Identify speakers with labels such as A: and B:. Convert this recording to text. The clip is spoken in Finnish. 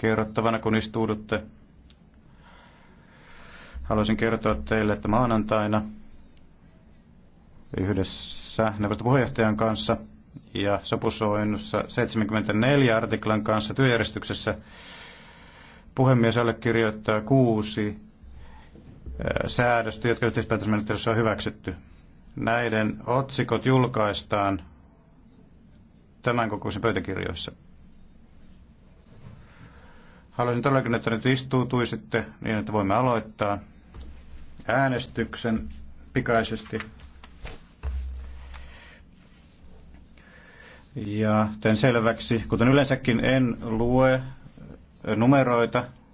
A: kerrottavana, kun istuudutte. Haluaisin kertoa teille, että maanantaina yhdessä neuvoston puheenjohtajan kanssa ja sopusoinnussa 74 artiklan kanssa työjärjestyksessä puhemies allekirjoittaa kuusi säädöstä, jotka yhteispäätösmenettelyssä on hyväksytty. Näiden otsikot julkaistaan tämän kokoisen pöytäkirjoissa. Haluaisin todellakin, että nyt istuutuisitte niin, että voimme aloittaa äänestyksen pikaisesti. Ja teen selväksi, kuten yleensäkin en lue
B: numeroita,